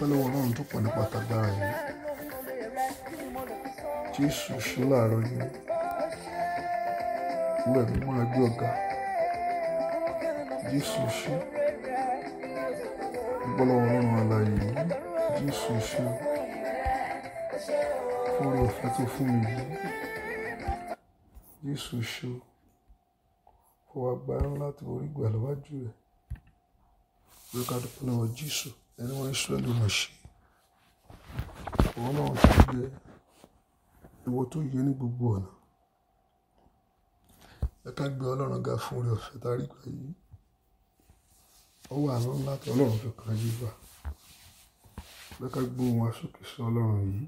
dúpẹ́ lọ́wọ́ ọlọ́run tó pọ̀ nípa tagbára yìí jésù ṣe láàárọ̀ yìí wúrẹ̀ mi máa gbé ọ̀gá jésù ṣe dúpẹ́ lọ́wọ́ ọlọ́run alààyè yìí jésù ṣe fún ọ̀fẹ́ tó fún mi yìí jésù ṣe fún agbára láti orí gbà lọ́wájú rẹ̀ lókàdúpẹ́ lọ́wọ́ jésù ẹni wọn Ísírẹ́lì wọn ṣe wọn náà tó yẹ ìwọ tó yẹ ní gbogbo ọ̀nà ẹ ká gbé Ọlọ́run ga fún orí ọ̀fẹ́ tá a rí gbà yìí ó wà lọ́nà láti Ọlọ́run fi kàn yí wà ẹ ká gbé ohun asókè sí Ọlọ́run yìí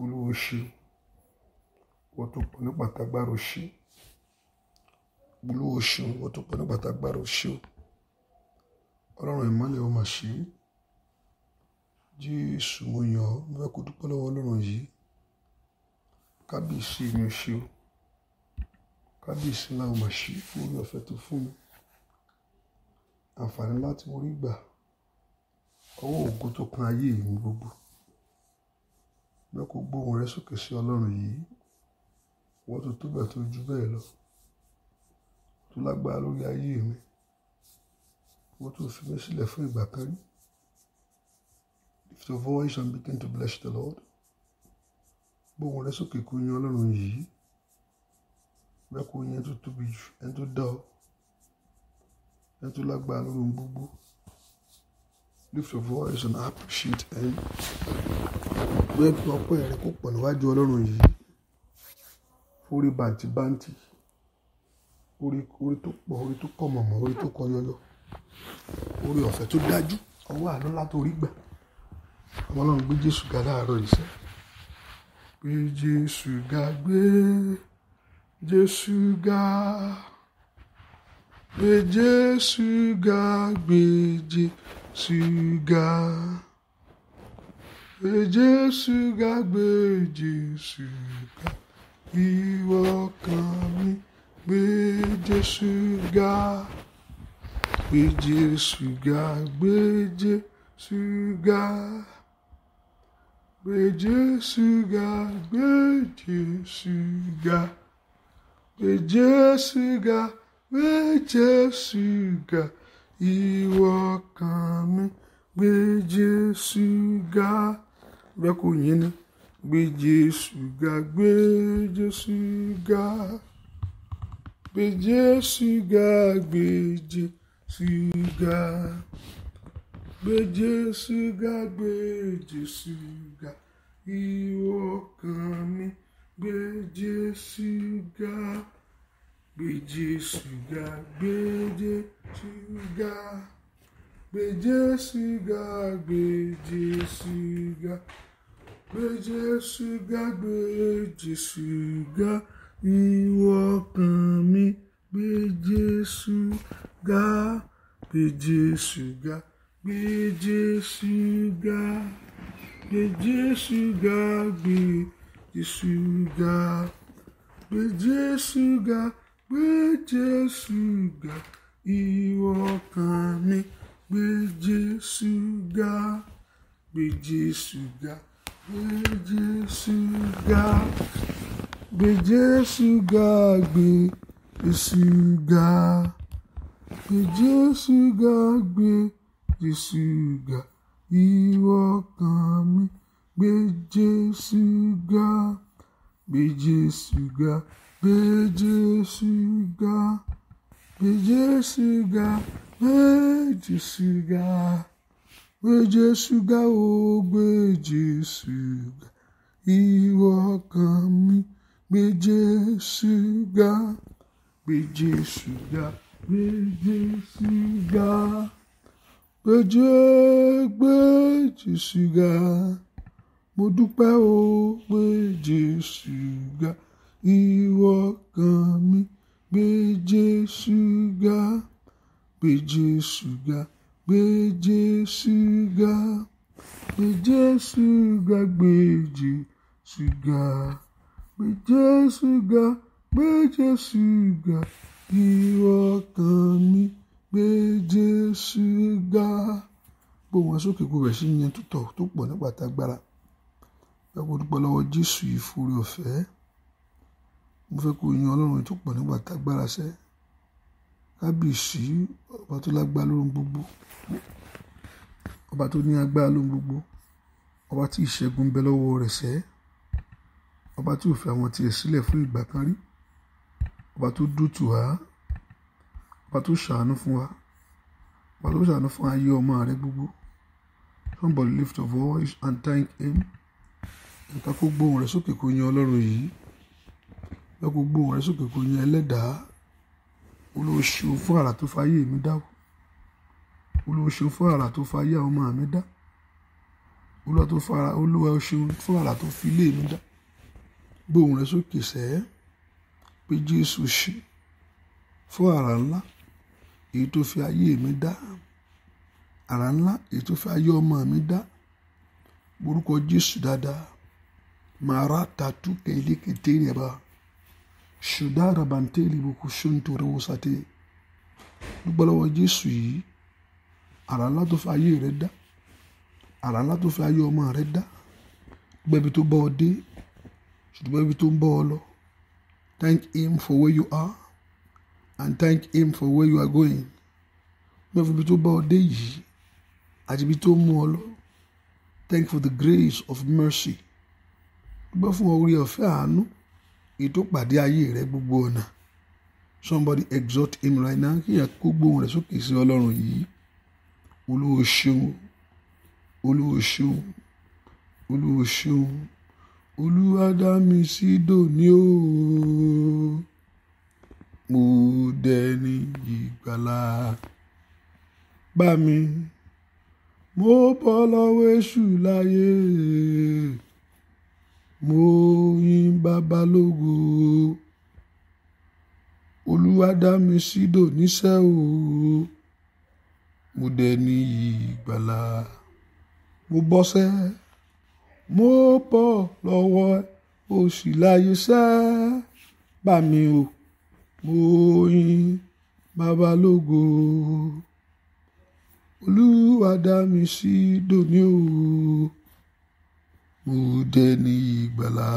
olówó ṣe wọ́n tó pọ̀ nípa tágbára ṣe olówó ṣe wọ́n tó pọ̀ nípa tágbára ṣe ọlọ́run ìmọ́lẹ̀ ó mà ṣe é jésù mo yàn ọ́ mo fẹ́ kó dúpẹ́ lọ́wọ́ ọlọ́run yìí kábíyèsí mi ò ṣe o kábíyèsí náà mà ṣe fún orí ọ̀fẹ́ tó fún mi àǹfààní láti orí gbà ọwọ́ ògo tó kan ayé mi gbogbo bẹ́ẹ̀ kó gbóhùn rẹ sókè sí ọlọ́run yìí wọ́n tó tó bẹ̀ tó ju bẹ́ẹ̀ lọ tó lágbára lórí ayé mi. What tó fi mí sílẹ̀ fún ìgbà kan rí. Lift your voice and begin to bless the Lord. Gbóhùn rẹ sókè kó yìn Ọlọ́run yìí. Bẹ́ẹ̀ kó yìn ẹni tó tóbi jù, ẹni tó dá ọ, ẹni tó lágbára lórí ohun gbogbo. Lift your voice and appreciate him. Bẹ́ẹ̀ kí ọpẹ́ rẹ kó pọ̀ níwájú Ọlọ́run yìí. Orí orí tó pọ̀, orí tó kọ̀ mọ̀mọ́, orí tó kọ yọyọ orí ọ̀fẹ́ tó dájú ọwọ́ àánú látòrí gbà àwọn ọlọ́run gbé jésù ga láàárọ̀ iṣẹ́ gbé jésù ga gbé jésù ga gbé jésù ga gbé jésù ga gbé jésù ga gbé jésù ga ìwọ kan mi gbé jésù ga gbèjè ṣùgà gbèjè ṣùgà gbèjè ṣùgà gbèjè ṣùgà gbèjè ṣùgà gbèjè ṣùgà ìwọ kan mi gbèjè ṣùgà bẹ́ẹ̀ kò yín ni gbèjè ṣùgà gbèjè ṣùgà gbèjè ṣùgà gbèjè ṣúgà gbé Jésù ga gbé Jésù ga ìwọ ọkàn mi gbé Jésù ga gbé Jésù ga gbé Jésù ga gbé Jésù ga gbé Jésù ga gbé Jésù ga gbé Jésù ga ìwọ ọkàn mi. gbèjé ṣúgà gbèjé ṣúgà gbèjé ṣúgà gbèjé ṣúgà gbèjé ṣúgà gbèjé ṣúgà gbèjé ṣúgà Jésù ga, pé Jésù ga gbé, Jésù ga, ìwọ kan mi, gbé Jésù ga, gbé Jésù ga, gbé Jésù ga, gbé Jésù ga, gbé Jésù ga, gbé Jésù ga, ó gbé Jésù ga, ìwọ kan mi, gbé Jésù ga. pé Jésù ga pé Jésù ga pé Jésù pé Jésù ga mo dúpẹ́ o pé Jésù ga ìwọ kan mi pé Jésù ga pé Jésù ga pé Jésù ga pé Jésù ga gbèjì ṣùgà pé Jésù ga. Gbé Jésù ga, ìwọ ọkàn mi, gbé Jésù ga. Gbó wọn sókè kó bẹ̀ sí yẹn tó tọ̀ tó pọ̀ nípa tagbára. Ẹ kó dúpẹ́ lọ́wọ́ Jésù yìí fúri ọ̀fẹ́. Mo fẹ́ kó yan Ọlọ́run tó pọ̀ nípa tagbára sẹ́. Kábíyèsí ọba tó lágbára lóhun gbogbo. Ọba tó ní agbára lóhun gbogbo. Ọba tí ìṣẹ́gun bẹ lọ́wọ́ rẹ̀ sẹ́. Ọba tí ò fi àwọn tiẹ̀ sílẹ̀ fún ìgbà kan rí ọba tó dútù wá ọba tó ṣàánú fún wa ọba tó ṣàánú fún ayé ọmọ rẹ gbogbo somebody lift your voice and thank him ìta kó gbóhùn rẹ sókè kó yan ọlọ́run yìí ìta kó gbóhùn rẹ sókè kó yan ẹlẹ́dàá olóṣù fún àrà tó fayé mi dá olóṣù fún àrà tó fayé àwọn ọmọ mi dá olúwa tó fara fún àrà tó fi ilé mi dá gbóhùn rẹ sókè sẹ́ẹ́ pé Jésù ṣe fún àrà ńlá èyí tó fi ayé mi dá àrà ńlá èyí tó fi ayé ọmọ mi dá orúkọ Jésù dáadáa màá rà tàtú kẹ́lé kété rẹ̀ bá ṣùdá rabantẹ́lì bùkú ṣóńtò rẹ̀ wọ́sàtẹ́ dúpẹ́ lọ́wọ́ Jésù yìí àrà ńlá tó fi ayé rẹ̀ dá àrà ńlá tó fi ayé ọmọ rẹ̀ dá dúpẹ́ tó bá ọ dé ṣùgbọ́n ibi tó ń bá ọ lọ Thank Him for where you are and thank Him for where you are going. Mẹ́fìbí tó bá ọ dé yìí àti ibi tó mú ọ lọ. Thank for the grace of mercy. Dúpẹ́ fún orí ọ̀fẹ́ àánú ètò pàdé ayé rẹ gbogbo ọ̀nà. Somebody exhort him right now kí èèyàn kó gbóhùn rẹ̀ sókè sí Ọlọ́run yìí. Olúwo ṣeun. Olúwo ṣeun. Olúwo ṣeun olúwa dá mi sí dòní o mo dẹni ìgbàlà bá mi mo bọ́ lọ́wọ́ èṣù láyé mo yìn bàbá lógo olúwa dá mi o mo dẹni ìgbàlà mo bọ́sẹ́ mo bọ́ lọ́wọ́ oṣù láyé sá bà mí o mo yin babalógo olúwa dá mi sí dòní o mo dẹni ìgbàlà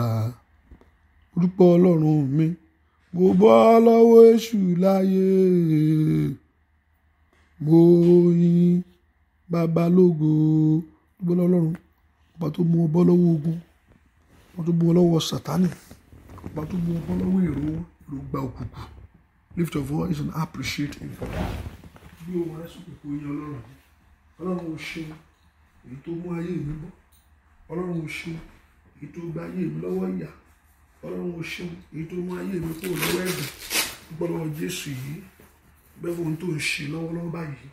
orúkọ ọlọ́run mi mo bọ́ lọ́wọ́ èṣù láyé mo yin babalógo orúkọ ọlọ́run ọba tó mú ọbọ lọ́wọ́ ogun ọba tó mú ọ lọ́wọ́ sátánì ọba tó mú ọbọ lọ́wọ́ èrò èròǹgbà òkùnkùn lift your voice and appreciate him for that. bí o wọn rẹ sókè kó yín ọlọ́run ọlọ́run ò ṣe èyí tó mú ayé mi bọ́ ọlọ́run ò ṣe èyí tó gba ayé mi lọ́wọ́ ìyà ọlọ́run ò ṣe èyí tó mú ayé mi kúrò lọ́wọ́ ẹ̀dùn gbọ́dọ̀ jésù yìí bẹ́ẹ̀ fún ohun tó ń ṣe lọ́wọ́lọ́wọ́ báyìí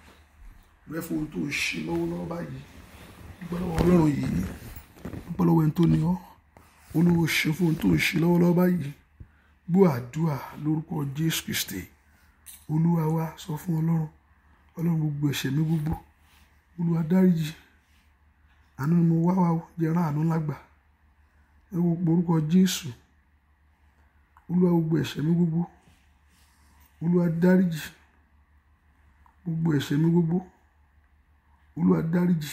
bẹ́ẹ̀ fún ohun tó ń ṣe lọ́wọ́lọ́wọ́ báyìí gbọ́dọ̀ ọlọ́run yìí dúpẹ́ lọ́wọ́ ẹni tó ní ọ́ olówó ṣe fún ohun tó ń ṣe lọ́wọ́lọ́wọ́ báyìí gbọ́ àdúrà lórúkọ jésù kristi olúwa wa sọ fún ọlọ́run ọlọ́run gbogbo ẹ̀ṣẹ̀ mi gbogbo olúwa dáríjì àánú ni mo wá wa jẹran àánú lágbà ẹ wo orúkọ jésù olúwa gbogbo ẹ̀ṣẹ̀ mi gbogbo olúwa dáríjì gbogbo ẹ̀ṣẹ̀ mi gbogbo olúwa dáríjì.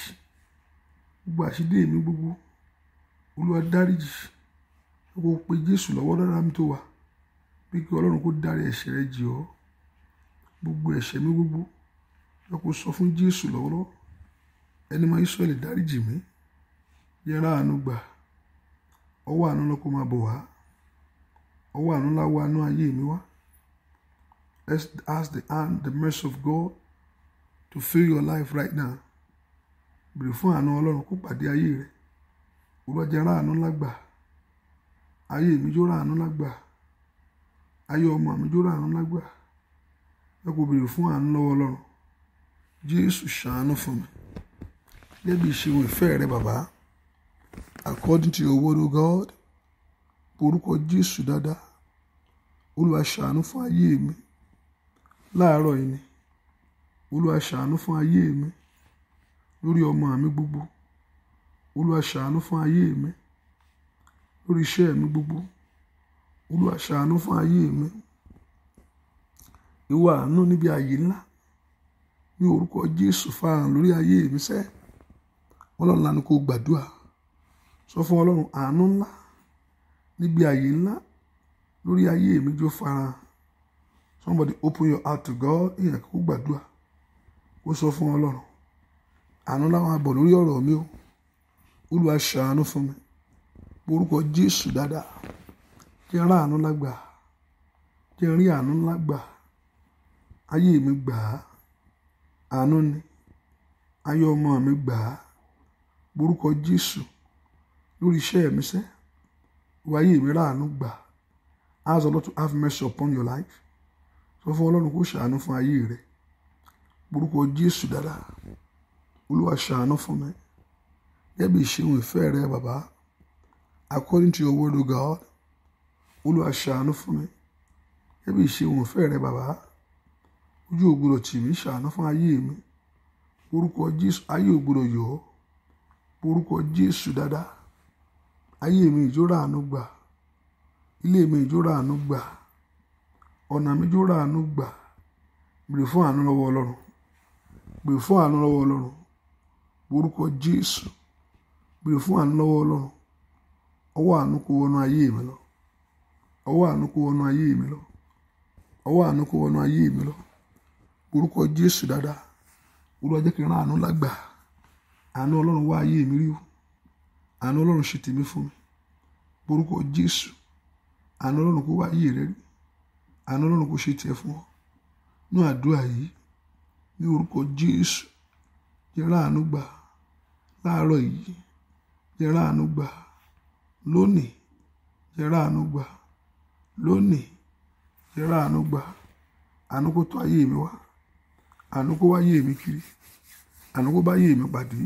gbogbo àṣídé mi gbogbo olúwa dáríjì kó o pe jésù lọ́wọ́ lára mi tó wà bí kí ọlọ́run kó dárí ẹ̀ṣẹ̀ rẹ jì ọ́ gbogbo ẹ̀ṣẹ̀ mi gbogbo lọ́ kó sọ fún jésù lọ́wọ́lọ́wọ́ ẹni máa Ísírẹ́lì dáríjì mi yẹra àánú gbà ọwọ́ àánú lọ́kọ́ máa bọ̀ wá ọwọ́ àánú láwọ́ àánú ayé mi wá let's ask the hand the mercy of God to fill your life right now. bèrè fún àánú ọlọ́run kó pàdé ayé rẹ olùwàjẹ ráàánú lágbà ayé mi jó ráàánú lágbà ayé ọmọ mi jó ráàánú lágbà ẹ kò bèrè fún àánú lọ́wọ́ ọlọ́run jésù ṣàánú fún mi lẹ́bi ìṣeun ìfẹ́ rẹ bàbá according to your word o God orúkọ jésù dáadáa olúwa ṣàánú fún ayé mi láàárọ̀ yìí ni olúwa ṣàánú fún ayé mi lórí ọmọ mi gbogbo olúwa ṣàánú fún ayé mi lórí iṣẹ́ mi gbogbo olúwa ṣàánú fún ayé mi ìwà àánú níbi ààyè ńlá ní orúkọ jésù fààràn lórí ayé mi sẹ́ ọlọ́run lánàá kó gbàdúrà sọ fún ọlọ́run àánú ńlá níbi ààyè ńlá lórí ayé mi jó fààràn somebody open your heart to God ìyẹn kó gbàdúrà kó sọ fún ọlọ́run àánú láwọn abọ̀ lórí ọ̀rọ̀ mi o Olúwa ṣàánú fún mi orúkọ Jésù dáadáa jẹ́ rí àánú lágbà jẹ́ rí àánú lágbà ayé mi gbà á àánú ni ayé ọmọ mi gbà á orúkọ Jésù lórí iṣẹ́ mi sẹ́ ìwà ayé mi ráàánú gbà ask the Lord to have mercy upon your life sọ fún Ọlọ́run kó ṣàánú fún ayé rẹ orúkọ Jésù dáadáa olúwa ṣàánú fún mi gẹ́gẹ́ bí ìṣeun ìfẹ́ rẹ bàbá according to your word o God olúwa ṣàánú fún mi gẹ́gẹ́ bí ìṣeun ìfẹ́ rẹ bàbá ojú ògbúdọ̀ tì mí ṣàánú fún ayé mi orúkọ Jésù ayé ògbúdọ̀ yọ orúkọ Jésù dáadáa ayé mi ìjọra àánú gbà ilé mi ìjọra àánú gbà ọ̀nà mi ìjọra àánú gbà bèrè fún àánú lọ́wọ́ Ọlọ́run bèrè fún àánú lọ́wọ́ Ọlọ́run orúkọ jésù bèrè fún àánú lọ́wọ́ ọlọ́run ọwọ́ àánú kó wọnú ayé mi lọ ọwọ́ àánú kó wọnú ayé mi lọ ọwọ́ àánú kó wọnú ayé mi lọ orúkọ jésù dáadáa olúwa jẹ́ kí n rán àánú lágbà àánú ọlọ́run wá ayé mi rí o àánú ọlọ́run ṣe tèmi fún mi orúkọ jésù àánú ọlọ́run kó wá ayé rẹ rí àánú ọlọ́run kó ṣe tiẹ̀ fún ọ ní àdúrà yìí ní orúkọ jésù yẹra àánú gbà láàárọ̀ yìí yẹra àánú gbà lónìí yẹra àánú gbà lónìí yẹra àánú gbà àánú kó tó ayé mi wá àánú kó wáyé mi kiri àánú kó báyé mi pàdé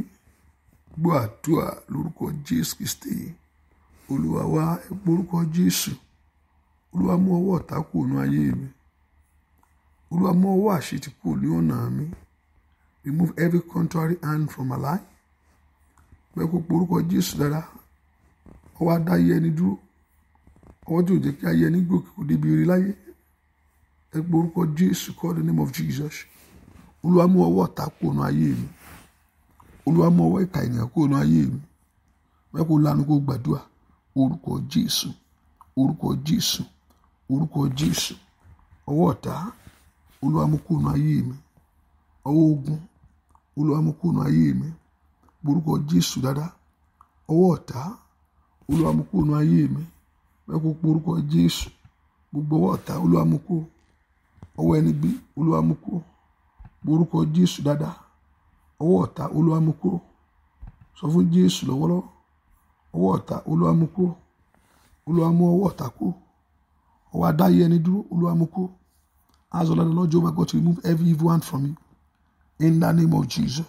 gbọ́ àdúrà lórúkọ Jésù Kristi Olúwa wa ẹ Jésù Olúwa mú ọwọ́ ọ̀tá kúrò ní ayé mi Olúwa mú ọwọ́ àṣetì kúrò ní ọ̀nà mi remove every contrary hand from my life pé kó porúkọ Jésù dára ọwọ́ adá ayé ẹni dúró ọwọ́ tí ò jẹ́ kí ayé ẹni gòkè kò débi rí láyé ẹ porúkọ Jésù call the name of Jesus Olúwa mú ọwọ́ ọ̀tá kóònù ayé mi Olúwa mú ọwọ́ ìka ènìyàn kóònù ayé mi pé kó lanu kó gbàdúrà orúkọ Jésù orúkọ Jésù orúkọ Jésù ọwọ́ ọ̀tá Olúwa mú kóònù ayé mi ọwọ́ ogun olúwa mú kúrò nínú ayé mi borúkọ jésù dáadáa ọwọ́ ọ̀tá olúwa mú kúrò nínú ayé mi mẹ́kọ̀ọ́ borúkọ jésù gbogbo ọwọ́ ọ̀tá olúwa mú kúrò ọwọ́ ẹni bí olúwa mú kúrò borúkọ jésù dáadáa ọwọ́ ọ̀tá olúwa mú kúrò sọ fún jésù lọ́wọ́lọ́wọ́ ọwọ́ ọ̀tá olúwa mú kúrò olúwa mú ọwọ́ ọ̀tá kúrò ọwọ́ adáyé ẹni dúró olúwa mú kúrò as ọ̀làdàn lọ́jọ́ oh my God to remove every evil one from you in the name of Jesus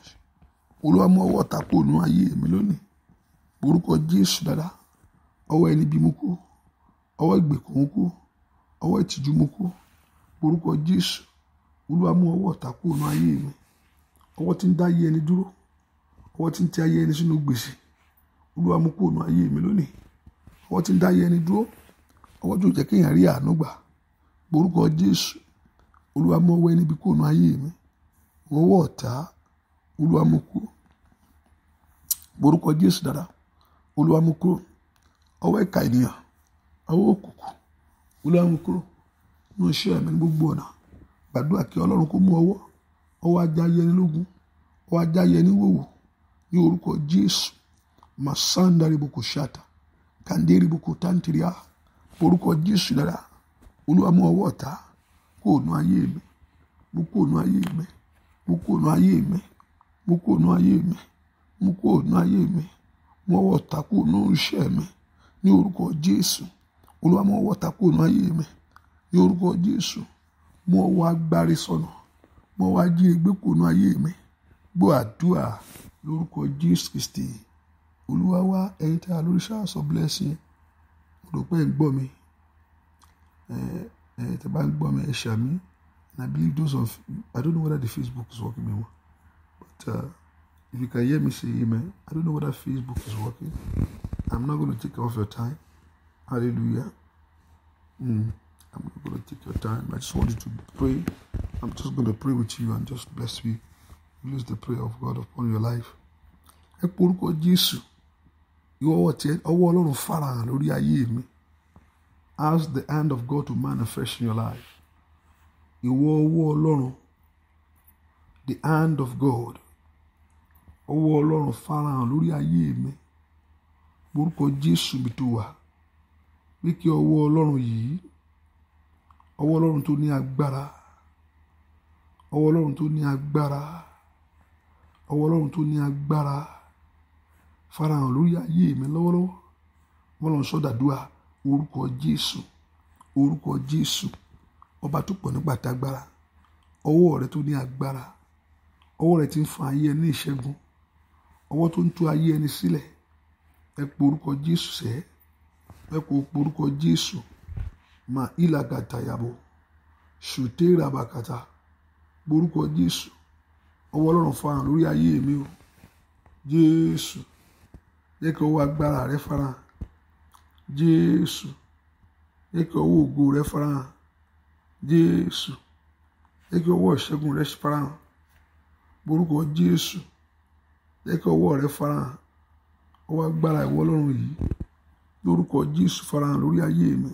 olúwa mú ọwọ́ ta kúrò nínú ayé mi lónìí orúkọ Jésù dada ọwọ́ ẹni bí mú kú ọwọ́ ìgbèkùn mú kú ọwọ́ ìtìjú mú kú orúkọ Jésù olúwa mú ọwọ́ ta kúrò nínú ayé mi ọwọ́ tí ń dá ayé ẹni dúró ọwọ́ tí ń tì ayé ẹni sínú gbèsè olúwa mú kúrò nínú ayé mi lónìí ọwọ́ tí ń dá ayé ẹni dúró ọwọ́ tí ò jẹ́ kéèyàn rí àánú gbà orúkọ Jésù olúwa mú ọwọ́ ẹni bí kúrò nínú ayé mi owó ọ̀tá olúwa mú kúrò borúkọ jésù dára olúwa mú kúrò ọwọ́ ìka ènìyàn ọwọ́ òkùnkùn olúwa mú kúrò ní iṣẹ́ ẹ̀mí ní gbogbo ọ̀nà gbàdúrà kí ọlọ́run kó mú ọwọ́ ọwọ́ ajá yẹni lógun ọwọ́ ajá yẹni wòwò ní orúkọ jésù masanda riboko shata kandiri riboko tantiria orúkọ jésù dára olúwa mú ọwọ́ ọ̀tá kó o nu ayé mi mú kó o nu ayé mi mo kúrò nínú ayé mi mo kúrò nínú ayé mi mo kúrò nínú ayé mi mo wọ́ ọ̀tá kúrò nínú iṣẹ́ mi ní orúkọ Jésù olúwa mo wọ́ ọ̀tá kúrò ayé mi ní orúkọ Jésù mo wọ́ agbárí sọnù mo wọ́ ajínigbé kúrò nínú ayé mi gbọ́ àdúrà lórúkọ Jésù Kristi olúwa wá ẹ̀yin tí a lórí ṣáàṣọ blessing mo rò pé ń gbọ́ mi ẹ ẹ tí a bá ń gbọ́ mi ẹ ṣàmì. And I believe those of, I don't know whether the Facebook is working anymore, but uh, if you can hear me say amen, I don't know whether Facebook is working. I'm not going to take off your time. Hallelujah. Mm. I'm not going to take your time. I just want you to pray. I'm just going to pray with you and just bless you. Use the prayer of God upon your life. ẹ porúkọ jésù yọ ọwọ́ tiẹ̀ ọwọ́ ọlọ́run farahàn lórí ayé mi ask the hand of God to manifest in your life. ìwọ ọwọ́ ọlọ́run the hand of God ọwọ́ ọlọ́run farahàn lórí ayé mi orúkọ Jésù bí tó wà pé kí ọwọ́ ọlọ́run yìí ọwọ́ ọlọ́run tó ní agbára ọwọ́ ọlọ́run tó ní agbára ọwọ́ ọlọ́run tó ní agbára farahàn lórí ayé mi lọ́wọ́lọ́wọ́ wọ́n lọ sọ́dàdúrà orúkọ Jésù orúkọ Jésù ọba tó pọ̀ nígbà tágbára ọwọ́ rẹ tó ní agbára ọwọ́ rẹ ti ń fa ayé ẹni ìṣẹ́gun ọwọ́ tó ń tú ayé ẹni sílẹ̀ ẹ po orúkọ Jésù sẹ́ ẹ po orúkọ Jésù mà ìlàgàtà yàbọ̀ ṣùté rabakata orúkọ Jésù ọwọ́ Ọlọ́run farahàn lórí ayé mi o Jésù jẹ́ kí ọwọ́ agbára rẹ farahàn Jésù jẹ́ kí ọwọ́ ògo rẹ farahàn jésù jẹ́ kí ọwọ́ ìṣẹ́gun rẹ farahàn borúkọ jésù jẹ́ kí ọwọ́ rẹ farahàn ọwọ́ agbára ìwọ ọlọ́run yìí lórúkọ jésù farahàn lórí ayé mi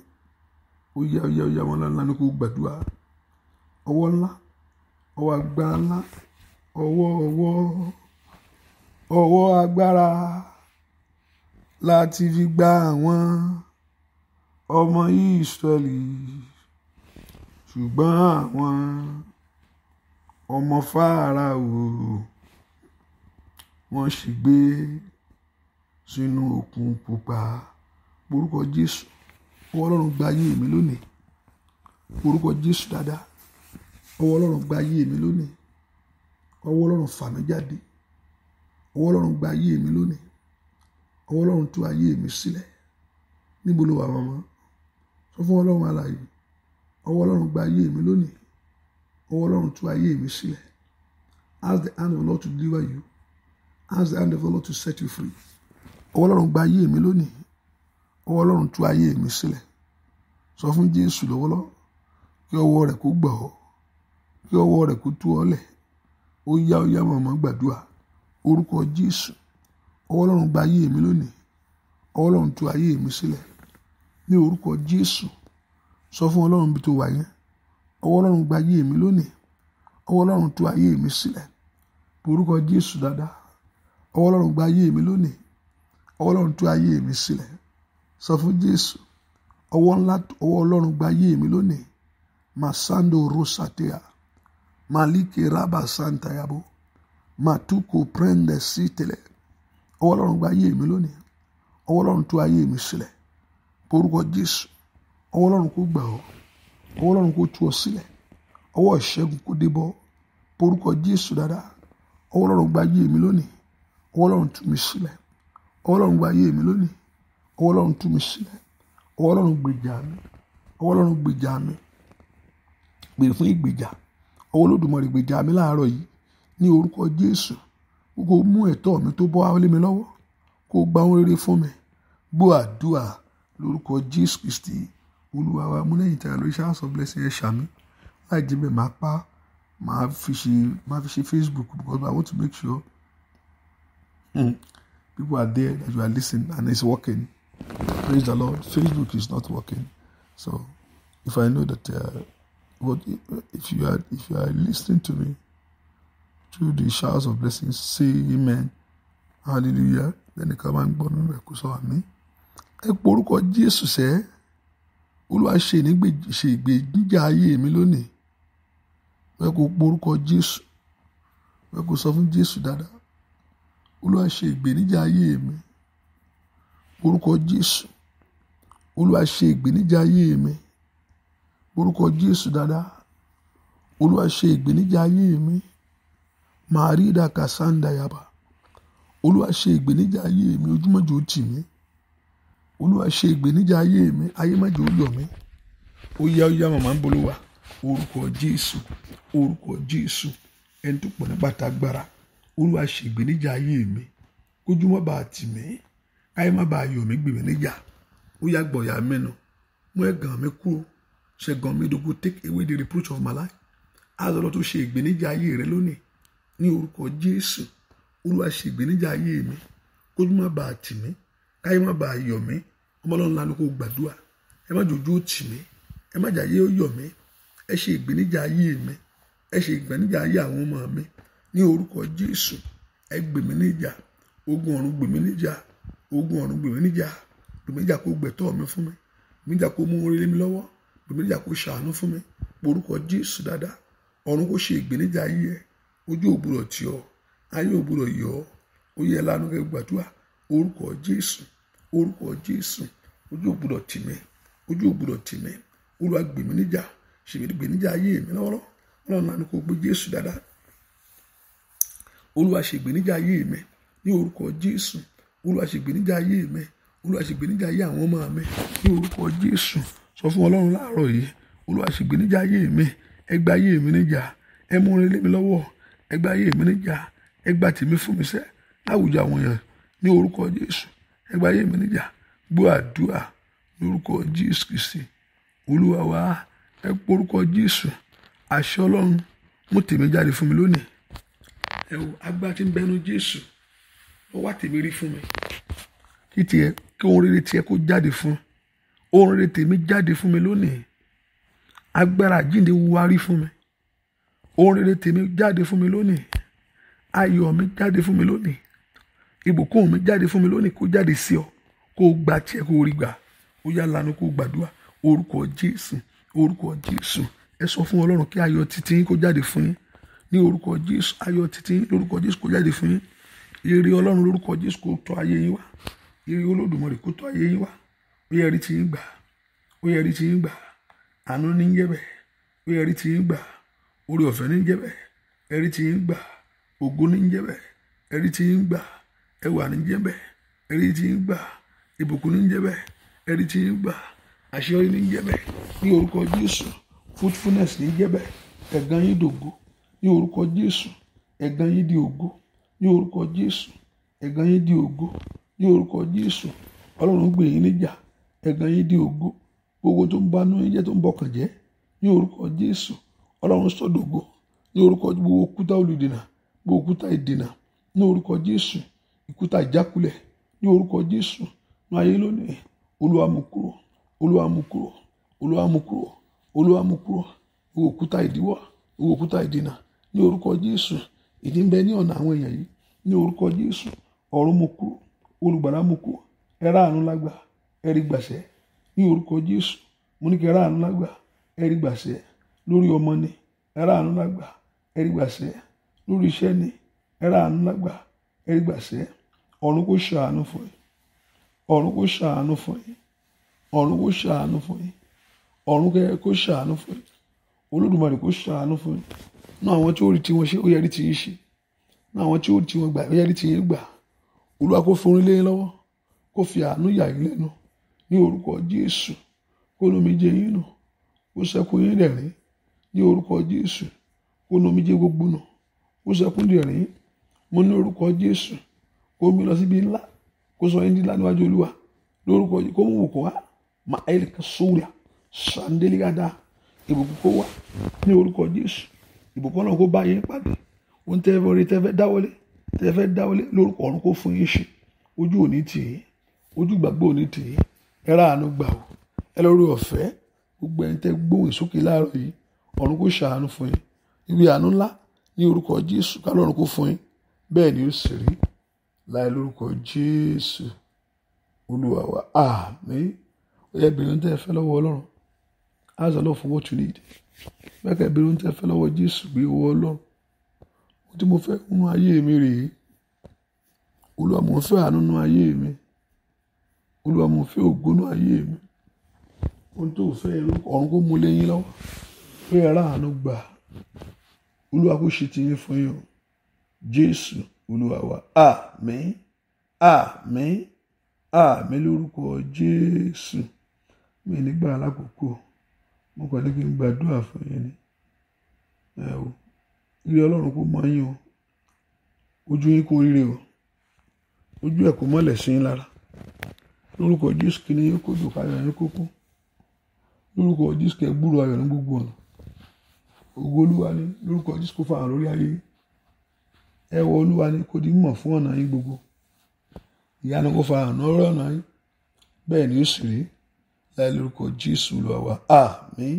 ó yá ó yá ó yá wọn ńlá ńlá ní kó gbàdúrà ọwọ́ ńlá ọwọ́ agbára ńlá ọwọ́ ọwọ́ ọwọ́ agbára láti fi gba àwọn ọmọ Ísírẹ́lì ṣùgbọ́n àwọn ọmọ fáráò wọ́n ṣègbè sínú òkun pupa orúkọ jésù ọwọ́ ọlọ́run gba ayé mi lónìí orúkọ jésù dáadáa ọwọ́ ọlọ́run gba ayé mi lónìí ọwọ́ ọlọ́run fà mí jáde ọwọ́ ọlọ́run gba ayé mi lónìí ọwọ́ ọlọ́run tú ayé mi sílẹ̀ níbo ló wà màmá sọ fún ọlọ́run alààyè ọwọ́ ọlọ́run gba ayé mi lónìí ọwọ́ ọlọ́run tú ayé mi sílẹ̀ ask the hand of the Lord to deliver you ask the hand of the Lord to set you free ọwọ́ ọlọ́run gba ayé mi lónìí ọwọ́ ọlọ́run tú ayé mi sílẹ̀ sọ fún Jésù lọ́wọ́lọ́ kí ọwọ́ rẹ̀ kó gbà ọ́ kí ọwọ́ rẹ̀ kó tú ọ lẹ̀ ó yá ó yá mọ̀mọ́ gbàdúrà orúkọ Jésù ọwọ́ ọlọ́run gba ayé mi lónìí ọwọ́ ọlọ́run tú ayé mi sílẹ̀ ní orúkọ Jésù sọ fún ọlọ́run bí tó wà yẹn ọwọ́ ọlọ́run gba ayé mi lónìí ọwọ́ ọlọ́run tú ayé mi sílẹ̀ orúkọ jésù dáadáa ọwọ́ ọlọ́run gba ayé mi lónìí ọwọ́ ọlọ́run tú ayé mi sílẹ̀ sọ fún jésù ọwọ́ ńlá ọwọ́ ọlọ́run gba ayé mi lónìí masando rosatea malike raba santa santayabo matuko prende sitele ọwọ́ ọlọ́run gba ayé mi lónìí ọwọ́ ọlọ́run tú ayé mi sílẹ̀ orúkọ jésù ọwọ́ ọlọ́run kó gbà ọ́ ọwọ́ ọlọ́run kó tú ọ sílẹ̀ ọwọ́ ìṣẹ́gun kó débọ́ porúkọ jésù dáadáa ọwọ́ ọlọ́run gba ayé mi lónìí ọwọ́ ọlọ́run tú mi sílẹ̀ ọwọ́ ọlọ́run gba ayé mi lónìí ọwọ́ ọlọ́run tú mi sílẹ̀ ọwọ́ ọlọ́run gbèjà mi ọwọ́ ọlọ́run gbèjà mi pè fún ìgbèjà ọwọ́ olódùmarè gbèjà mi láàárọ̀ yìí ní orúkọ jésù kó mú ẹ̀tọ́ mi tó bọ́ wálé mi lọ́wọ́ kó gba ohun rere fún mi gbọ́ àdúrà lórúkọ jésù kristi olúwa wa múlẹ̀yìn tẹ̀ra lórí showers of blessing ẹ̀ ṣàmì láì jẹ́ bẹ́ẹ̀ máa pa máa fi ṣe máa fi ṣe facebook because i want to make sure mm, people are there that you are listening and it's working praise the lord facebook is not working so if i know that uh, what if you are if you are listening to me through the showers of blessing say amen hallelujah lẹ́nìkan máa ń gbọ́ nínú ẹ̀kú sọ àmì ẹ porúkọ jésù sẹ́ẹ́ olúwa ṣe ìgbèjà ayé mi lónìí bẹ́ẹ̀ kó porúkọ jésù bẹ́ẹ̀ kó sọ fún jésù dáadáa olúwa ṣe ìgbèníjà ayé mi porúkọ jésù olúwa ṣe ìgbèníjà ayé mi porúkọ jésù dáadáa olúwa ṣe ìgbèníjà ayé mi màá rí ìdàkà sáńdà yaba olúwa ṣe ìgbèníjà ayé mi ojúmọ́jọ́ tì mí olúwa ṣe ìgbéníjà ayé mi ayé mẹ́jọ ó yọ̀ mí ó yá ó yá màmá ń bolówà orúkọ jésù orúkọ jésù ẹni tó pọ̀ nípa tagbára olúwa ṣe ìgbéníjà ayé mi kójú má bàa tì mí káyé má bàa yọ̀ mí gbèmí níjà ó yá gbọ̀yà mẹ́nu mú ẹ̀gàn mi kúrò ṣẹ̀gàn mi dogo take away the reproach of my life azọlọ tó ṣe ìgbéníjà ayé rẹ lónìí ní orúkọ jésù olúwa ṣe ìgbéníjà ayé mi kójú má bàa tì mí káyé má bàa yọ̀ mí ọmọ ọlọ́run lanu kó gbàdúrà ẹ má jòjú òtì mí ẹ má jàyé yọ̀ mí ẹ ṣe ìgbéníjà ayé mi ẹ ṣe ìgbéníjà ayé àwọn ọmọ mi ní orúkọ jésù ẹ gbèmí níjà ogun ọ̀run gbèmí níjà ogun ọ̀run gbèmí níjà gbèmí níjà kó gbẹ̀tọ́ mi fún mi gbèmí kó mú orí mi lọ́wọ́ gbèmí kó ṣàánú fún mi orúkọ jésù dáadáa ọ̀run kó ṣe ìgbéníjà ayé ẹ ojú ògbúrọ̀ tì ọ́ ayé ògbúrọ̀ yọ̀ ó yẹ lánàá kẹ́ gbàdúrà orúkọ jésù orúkọ jésù ojú ògbúdọ̀ tì ojú ògbúdọ̀ tì mí olúwa gbè níjà ṣèmi gbè ayé mi lọ́wọ́rọ́ ọlọ́run àná kò gbé jésù dáadáa olúwa ṣègbè níjà ayé mi ní orúkọ jésù olúwa ṣègbè níjà ayé mi olúwa fún ọlọ́run láàárọ̀ yìí olúwa ṣègbè níjà ayé mi ayé mi níjà ẹ mú orin lé mi lọ́wọ́ mi fún mi sẹ́ láwùjọ àwọn èèyàn ní ẹgbẹ́ ayé mi níjà gbọ́ àdúrà lórúkọ jésù kristi olúwa wa ẹ porúkọ jésù àṣẹ ọlọ́run mú tèmi jáde fún mi lónìí ẹ wò agbá tí ń bẹnu jésù lọ wá tèmi rí fún mi kí tiẹ̀ kí ohun rere tiẹ̀ kó jáde fún ohun rere tèmi jáde fún mi lónìí agbára jíǹde wárí fún mi ohun rere tèmi jáde fún mi lónìí ayọ̀ mi jáde fún mi lónìí ìbùkún mi jáde fún mi lónìí kó jáde sí ọ kó gba tiẹ̀ kó rí gbà ó yá lanu kó gbàdúrà orúkọ Jésù orúkọ Jésù ẹ sọ fún Ọlọ́run kí ayọ̀ titi yín kó jáde fún yín ní orúkọ Jésù ayọ̀ titi yín lórúkọ Jésù kó jáde fún yín ire Ọlọ́run lórúkọ Jésù kó tọ́ ayé yín wá ire Olódùmarè kó tọ́ ayé yín wá ó yẹ rí ti yín gbà ó yẹ rí ti yín gbà àánú ní jẹ́bẹ̀ ó yẹ rí ti yín gbà oore ọ̀fẹ́ ní jẹ́bẹ̀ ẹ̀rí ti yín gbà ògo ní jẹ́bẹ̀ ẹ̀rí ti yín gbà ẹwà ní njebe eriti tí ń njebe eriti ní jẹ́bẹ̀ ẹ̀rí tí ń gbà àṣeyọrí ní jẹ́bẹ̀ ní orúkọ Jésù fruitfulness ní jẹ́bẹ̀ ẹ̀gàn yín dògo orúkọ Jésù ẹ̀gàn yín di ògo ní orúkọ Jésù ẹ̀gàn yín ògo ní orúkọ ògo gbogbo tó ń banú tó ń bọkàn orúkọ Jésù Ọlọ́run sọ̀dọ̀gbò ní orúkọ gbogbo òkúta olùdènà gbogbo idina orúkọ Jésù ìkúta ìjákulẹ̀ ní orúkọ jésù ní ayé lónìí olúwa mú kúrò olúwa mú kúrò olúwa mú kúrò olúwa mú kúrò ìwọ òkúta ìdíwọ́ ìwọ òkúta ìdènà ní orúkọ jésù ìdí ń bẹ ní ọ̀nà àwọn èèyàn yìí ní orúkọ jésù ọ̀run mú kúrò olùgbàlà mú kúrò ẹ̀rá àánú lágbà ẹ̀rí gbàṣẹ ní orúkọ jésù mo ní kí ẹ̀rá àánú lágbà ẹ̀rí gbàṣẹ lórí ọmọ ni ẹ̀rá àánú lágbà ẹ̀rí gbàṣẹ lórí iṣẹ́ ni ẹ̀rá àánú lágbà ẹ̀rí gbàṣẹ ọ̀run kò ṣàánú fún yín ọ̀run kò ṣàánú fún yín ọ̀run kò ṣàánú fún yín ọ̀run kò ṣàánú fún yín olódùmarè kò ṣàánú fún yín náà àwọn tí ó rí tiwọn ṣe ó yẹ rí tiyín ṣe náà àwọn tí ó rí tiwọn gbà ó yẹ rí tiyín gbà olúwa kó forin lé yín lọ́wọ́ kó fi àánú yà yín lẹ́nu ní orúkọ jésù kó lómi jẹ yín nù kó sẹ́kún yín dẹ̀rín ní orúkọ jésù kó lómi jẹ gbogbo nù kó sẹ́kún dẹ̀rín mo ní orúkọ jésù kó mi lọ síbi ńlá kó sọ ẹni ńlá níwájú olúwa lórúkọ yìí kó mú òkú wá má ayélujára kan sóòrìà sàndélé gàdá ìbùkún kó wá ní orúkọ jésù ìbùkún náà kó bá yín pàdé ohun tẹ́ fẹ́ orí tẹ́ fẹ́ dáwọlé tẹ́ fẹ́ dáwọlé lórúkọ ọ̀run kó fún yín ṣe ojú òní tì í ojú gbàgbọ́ òní tì í ẹ ráàánú gbà ó ẹ lórí ọ̀fẹ́ gbogbo ẹni tẹ́ gbóhùn sókè láàárọ̀ yìí ọ̀run kó ṣàánú fún yín ìwé àánú ńlá ní orúkọ jésù kálọ̀run kó fún yín bẹ́ẹ̀ ni ó sì rí láì lórúkọ jésù olúwa wa àmín ó yẹ bèrè ń tẹ́ ask the Lord for what you need bẹ́ẹ̀kẹ́ bèrè ń tẹ́ fẹ́ lọ́wọ́ jésù gbé owó ọlọ́run ó tí mo fẹ́ nínú ayé mi rèé olúwa mo fẹ́ àánú nínú ayé mi olúwa mo fẹ́ ògo nínú ayé mi ohun tó fẹ́ ọ̀run kó mú léyìn lọ́wọ́ pé ẹ rà àánú gbà olúwa kó ṣe tiyín fún yín jésù olúwa wa àmín àmín àmín lórúkọ jésù mi nígbà alákòókò mo kàn ní kí n gbàdúrà fún yín ni ẹ o ilé ọlọ́run kò mọ yín o ojú yín kò ríre o ojú ẹ̀ kò mọ́lẹ̀ sí yín lára lórúkọ jésù kí ni yín kó dùn káyọ̀ yín kókó lórúkọ jésù kẹ́ gbúrò ayọ̀ ní gbogbo ọ̀nà ògo olúwa ni lórúkọ jésù kó fàhàn lórí ayé yín ẹ wọ olúwa ni kò di mọ̀ fún ọ̀nà yín gbogbo ìyanu kò fa àná ọ̀rọ̀ ọ̀nà yín bẹ́ẹ̀ ni ó sì rí láì lórúkọ jésù lọ wá àmín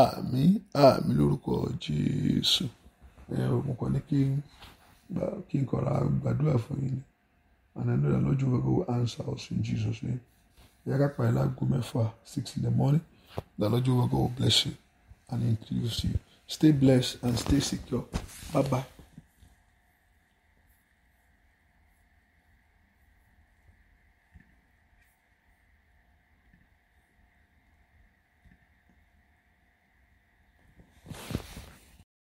àmín àmín lórúkọ jésù ẹ òkun kan ní kí n kọra gbàdúrà fún yín ni and I know that Lord Jehovah will answer us in Jesus' name ẹ ká pàdé láago mẹ́fà six in the morning that Lord Jehovah will bless you and increase you stay blessed and stay secure bye bye.